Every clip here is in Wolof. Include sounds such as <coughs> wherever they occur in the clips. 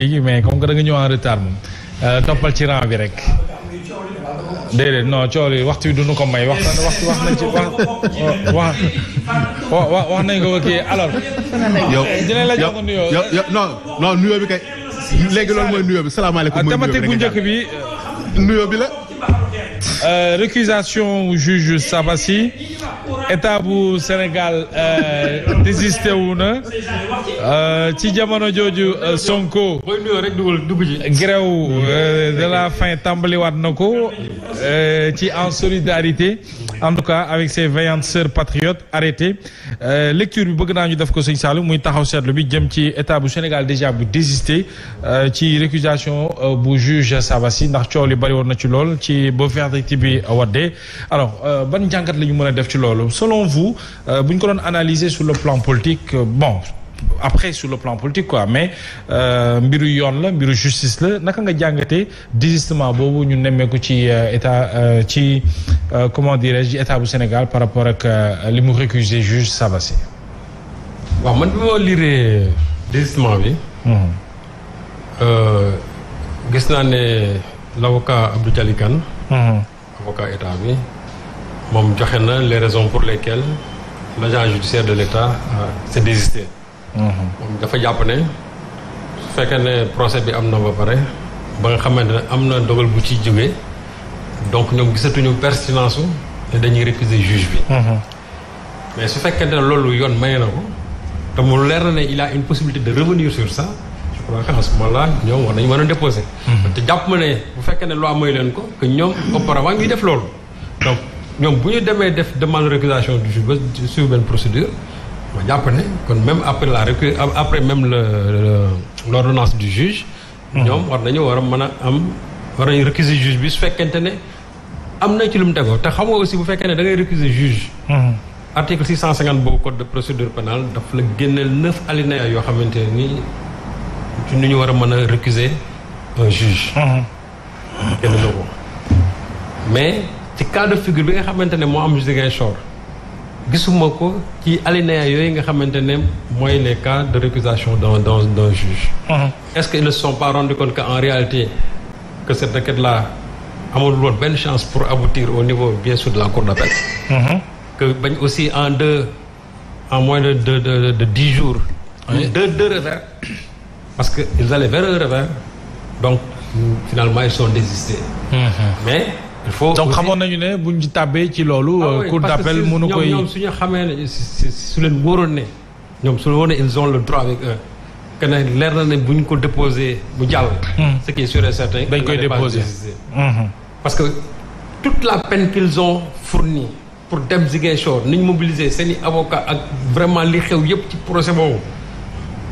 léegi mais comme que danga nga ñëw en retard moom euh, toppal ci rang bi rek déedéet non coow li waxtu bi duñu ko may wax wax wax nañ ci wax wax wax nañ ko kii alors. yow dinañ la jox nuyoo non non nuyoo bi kay léegi loolu mooy nuyoo bi salaamaaleykum. mooy nuyoo bi ah, euh, la. Euh, récusation juge Sabassi état bu Sénégal euh, désisté wu na euh, ci jamono jooju Sonko. booy nuyoo rek de la faim tàmbaliwaat na ko ci en solidarité. en tout cas avec ses vaillantes sœurs patriotes arrêtées euh, lecture bi bëgg naa ñu def ko sëñ Saalum muy taxaw seetlu bi jëm ci état bu Sénégal déjà bu désisté euh, ci récusation euh, bu juge Sabassi ndax coow li bari woon na ci lool ci ba verdict bi waddee alors ban jàngat la ñu mën a def ci loolu selon vous bu ñu ko doon analyser sur le plan politique bon après sur le plan politique quoi mais euh, mbiru yoon la mbiru justice la naka nga jàngatee désistement boobu ñu nemmeeku ci euh, état euh, ci comment dirais-je état bu Sénégal par rapport ak li mu récuser juge Sabassy waaw man bi moo lire désistement bi hmm. gis naa ne l'avocat Abdou Dialy Kane hmm. avocat état bi moom joxe na les raisons pour lesquelles l'agent judiciaire de l'État s'est désisté moom dafa jàpp ne su fekkee ne procès bi am na ba pare ba nga xamante ne am na dogal bu ci jógee donc ñoom gisatuñu pertinence su dañuy récuser juge bi mhm. mais su fekkee ne loolu yoon may na ko te mu leer na ne il a une possibilité de revenir sur ça je à a mhm. bu fekkee ne loi may leen ko que ñoom auparavant ñuy def loolu donc ñoom bu ñu demee def demande de récusation du juge ba suivre benn procédure moo jàpp ne kon même après la après même le l' ordonnance du juge. ñoom mhm. war nañu war a mën a am war nañu récuser juge bi su fekkente ne am na ci lu mu tegoo te xam nga aussi bu fekkee ne da ngay récuser juge. Mhm. article 650 boobu code de procédure pénale daf la génneel neuf alinéa yoo xamante ni ci nu ñu war a mën a récuser un euh, juge. Mhm. génn na mais ci cas de figure bi nga xamante ne moo am Ziguinchor. gisuma ko ci alinéa yooyu nga xamante ne mooy les cas de récusation d'un d'un d'un juge mhm. est-ce qu'ils ne se sont pas rendu compte qu'en réalité que cette requête-là amul woon benn chance pour aboutir au niveau bien sûr de la cour d'appel mhm. que bañ aussi en de en moins de de de de dix jours parce que ils allaient vers un donc finalement ils sont désistés mhm. mais il faut donc xamoon nañu ne buñ ci tàbbee ci loolu. Ah euh, cour d'appel mënu koy ñoom suñu xamee ne su leen wóoroon ne. ñoom su leen wóoroon ne ils le droit avec eux. que leer na ne buñ ko déposé bu jàll. Hmm. ce qui dañ koy déposé hmm. parce que toute la peine qu'ils ont fournie pour dem Ziguinchor ni ñu mobiliser seen i avocats ak vraiment li xew yépp ci procès boobu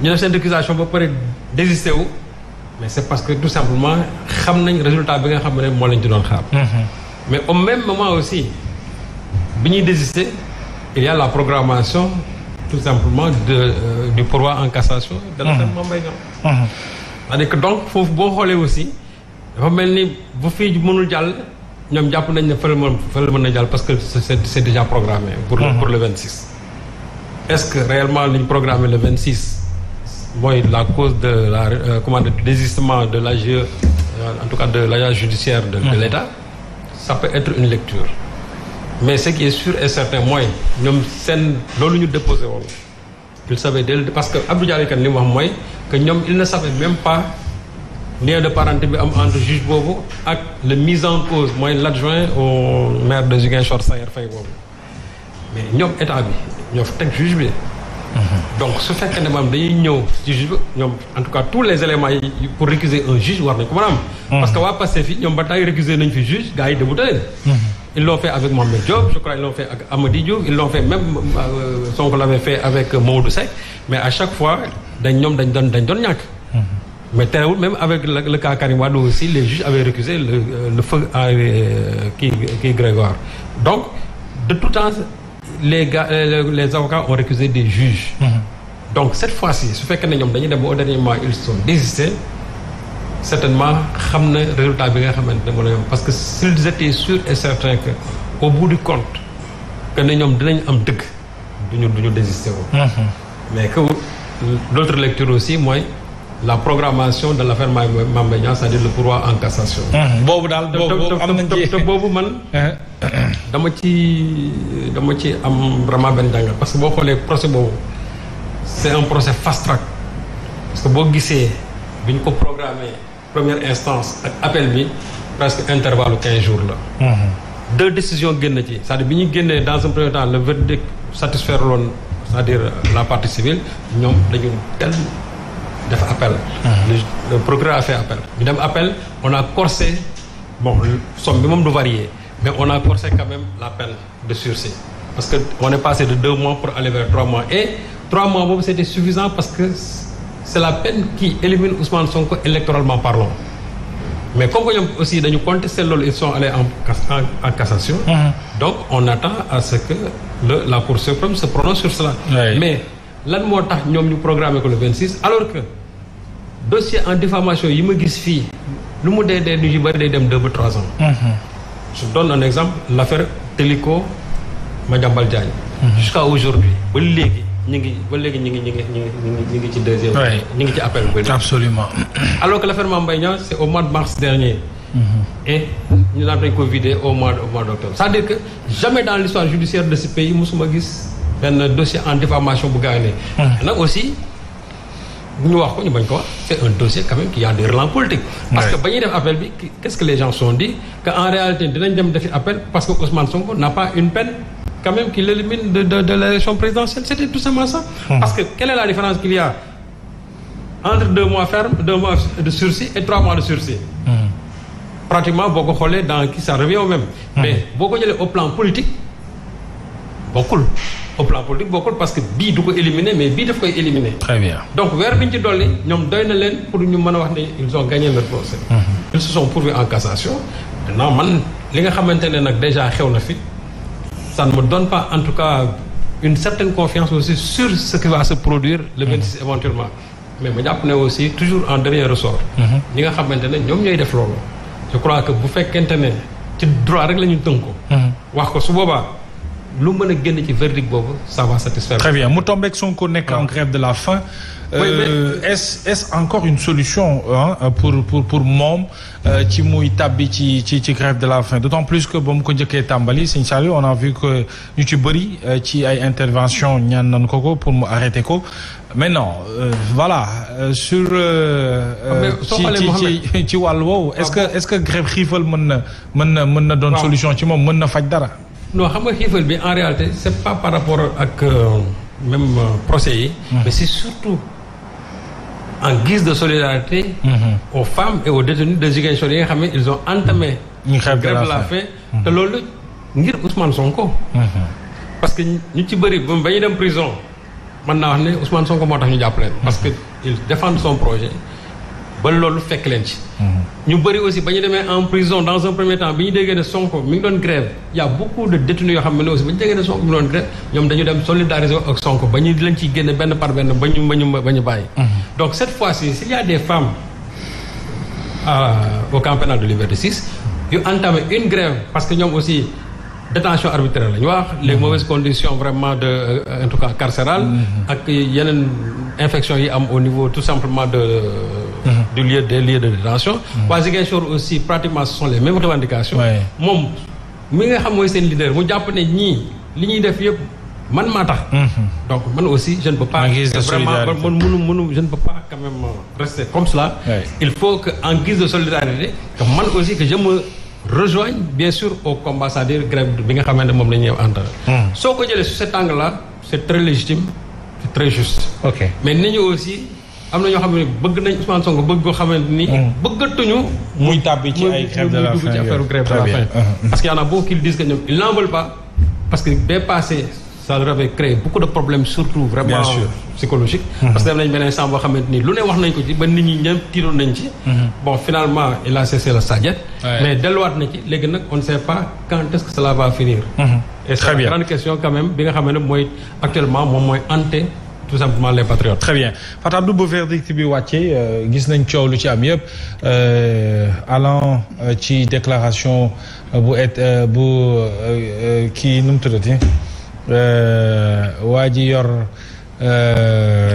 ñu def seen récusation ba pare désisté wu. mais c'est parce que tout simplement xam nañ résultat bi nga xam ne moo lañ ci doon mhm. mais au même moment aussi bi ñuy désister il y a la programmation tout simplement de euh, du pourvoi en cassation. de la mhm. Mame Mbaye Niang. Mhm. cest à donc foofu boo xoolee aussi dafa mel ni bu fii mënul jàll ñoom jàpp nañ fële mën fële mën na jàll parce que c'est c'est déjà programmé. pour le pour le 26. est-ce que réellement liñ programmé le 26. mooy la cause de la euh, comment de désistement de l'AGE euh, en tout cas de l'agent judiciaire de, de mhm. l'État ça peut être une lecture mais ce qui est sûr et certain mooy ñoom seen loolu ñu déposé woon il savait dès parce que Abdou Diallo Kane li mu mooy que ñoom il ne savait même pas lien de parenté bi am entre juge boobu ak le mise en cause mooy l'adjoint au maire de Ziguinchor Sayer fay boobu mais ñoom état bi ñoo fa teg juge bi donc su fekkee ne maanaam dañuy ñëw ci juge ñoom en tout cas tous les éléments yi pour récuser un juge war nañ ko mën a am. Mm-hmm. parce que waa Pastef fi ñoom ba tey récuser nañ fi juge gars yi débouté leen. Mm-hmm. ils l'ont fait avec Mohamed Diop je crois ils l'ont fait avec Amady Diop ils l'ont fait même euh, Sonko l'avait fait avec euh, Maodo Seck mais à chaque fois dañ ñoom dañ doon dañ doon ñàkk. Mm-hmm. mais terewul même avec le, le cas Karim aussi les juges avaient récusé le le feu à euh, kii kii Grégoire donc de les gars euh, les, les avocats ont récusé des juges. Mm -hmm. donc cette fois-ci su fekkee ne ñoom dañuy dem ba au dernier moment ils certainement xam na résultat bi nga xamante ne moom la ñu parce que s'ils étaient sûrs et certains que au bout du compte que ñoom dinañ am dëgg du ñu du ñu désisté wu. Mhm. mais que l'autre lecture aussi mooy. la programmation de la Mame Mbaye Niang c'est-à-dire le pourvoi en cassation. boobu daal boobu am boobu man. <laughs> dama ci dama ci am vraiment benn jàngat parce que boo xoolee procès boobu c'est un procès fast parce que boo gisee bi ñu ko programmé première instance ak appel bi presque intervalle quinze jours la. deux décisions génn ci cest dire bi ñu génnee dans un premier temps le verdict satisfaire loon cest dire la partie civile ñoom dañu tel. def appel. Mhm. le procureur a fait appel. ñu dem appel on a corsé bon somme bi moom du varier mais on a corsé quand même la peine de sursis parce que on est passé de deux mois pour aller vers trois mois et trois mois boobu c'était suffisant parce que c'est la peine qui élimine Ousmane Sonko électoralement parlant mais comme que ñoom aussi dañu contester loolu ils sont allés en en, en cassation. Mhm. donc on attend à ce que la Cour suprême se prononce sur cela. mais lan moo tax ñoom ñu programmé ko le 26 alors que dossier en diffamation yi ma gis fii lu mu dee dee ñu bari day dem deux ba trois ans. Mhm. je donne un exemple l' affaire Télico Madiambal Diagne. Mhm. jusqu'à aujourd'hui ba léegi ñu ngi ba ñu ngi ñu ngi ñu ngi ci deuxième. ñu ngi ci appel ba léegi. absolument. <coughs> alors que l' affaire Mame Mbaye Niang c' de mars dernier. Mhm. et ñu naan dañ ko vidé au mois au mois dire que jamais dans l'histoire judiciaire de ce pays musuma gis. benn dossier en diffamation bu gaaw ne ah. nag aussi ñu wax ko ñu bañ ko wax c' un dossier quand même qui a des relents parce que ba ñuy def appel bi qu' est que les gens sont dit que en réalité dinañ dem defi appel parce que Ousmane Sonko n'a pas une peine quand même l'élimine de, de, de l'élection présidentielle c'était tout simplement ça ah. parce que quelle la différence qu'il y a entre deux mois ferme deux mois de sursis et trois mois de sursis ah. pratiquement bokkul au plan politique bokkul parce que bii du ko éliminer mais bii daf koy éliminer. très bien donc weer bi ñu ci dolli ñoom doy na leen pour ñu mën a wax ne ils ont gagné leur procès. Mhm. ils se sont pourvus en cassation. maintenant man li nga xamante ne nag déjà xew na fi ça ne me donne pas en tout cas une certaine confiance aussi sur ce qui va se produire. le 26 mhm. éventuellement. mais ma jàpp ne aussi toujours en dernier ressort. Mhm. ñi nga xamante ne ñoom ñooy def loolu. je crois que bu fekkente ne ci rek la ñu tënk ko. lu mën a génn ci verdict boobu ça va satisfaire. très bien mu tombeek Sonko nekk en grève de la faim. Euh, est-ce encore une solution pour pour pour moom euh, ci muy tàbbi ci ci ci grève de la faim d'autant plus que ba mu ko njëkkee tàmbali Sëñ Saliou on a vu que ñu ci bëri euh, ci ay intervention ñaan nañ ko ko pour mu arrêter ko mais non euh, voilà euh, sur. Euh, ci ci ci wàll woowu. est-ce que est-ce que grève xiifal mën na mën na mën na doon. solution ci moom mën na faj dara. non xam nga xiifal bi en réalité c'est pas par rapport ak euh, même euh, procès yi. Mm-hmm. mais c'est surtout en guise de solidarité. Mm-hmm. aux femmes et aux détenus de Ziguinchor yi nga xam ne ils ont entamé. ñu mm-hmm. grève la faim te loolu ngir Ousmane Sonko. parce que ñu ci bëri ba ñu dem prison mën naa wax ne Ousmane Sonko moo tax ñu jàppale. parce que ils défendent son projet. ba loolu fekk leen ci. Mhm. ñu bëri aussi ba ñu demee en prison dans un premier temps bi ñu déggee ne Sonko mi ngi doon grève y' a beaucoup de détenus yoo xam ne aussi ba ñu déggee ne Sonko mi ngi doon grève ñoom dañu dem solidariser ak mhm. y a des femmes euh, au camp pénal de Liberté 6 que ñoom aussi. détention arbitraire la ñu wax les mhm. mauvaises conditions de euh, en tout cas carcérales ak yeneen infection yi am au niveau tout simplement de du lieu des lieux de détention. Mm. waa Ziguinchor aussi pratiquement ce sont les mêmes revendications. moom mi nga xam mooy seen leader mu jàpp ne ñii li ñuy def yëpp man maa tax. Mm-hmm. donc man aussi je ne peux pas. vraiment man mënu mënu je ne peux pas quand comme cela. il faut que en guise de solidarité que man aussi que je me rejoigne bien sûr au combat cest bi nga xamante moom la ñuy mm. soo ko jëlee sur cet angle là c'est très légitime c'est juste. ok mais nañu am na ñoo xam ne bëgg nañ Ousmane Sonko bëgg ko xamante ni. Mm. bëggatuñu. muy tàbbi ci affaire grève de la faim. Uh-huh. parce que y en a beaucoup qui disent que ñoom ils n'en parce que bee passé ça leur avait créé beaucoup de problèmes surtout vraiment psychologique mm-hmm. parce que dem nañ beneen sens xamante ni lu ne wax nañ ko ci ba nit ñi ñëpp tiiroon nañ ci mm-hmm. bon finalement il a cessé la sadiette mais delluwaat na ci léegi nag on ne pas quand que tout simplement les patriotes très bien Fatou Abdou bu verdict bi euh, gis nañ coow lu ci am yëpp euh, allant euh, ci déclaration bu et bu kii nu mu tuddati ji yor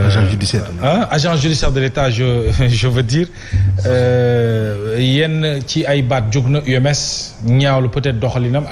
agent judiciaire ah agent judiciaire de l'État je <laughs> veux dire yenn ci ay baat jóg na UMS ñaawlu peut-être doxalinam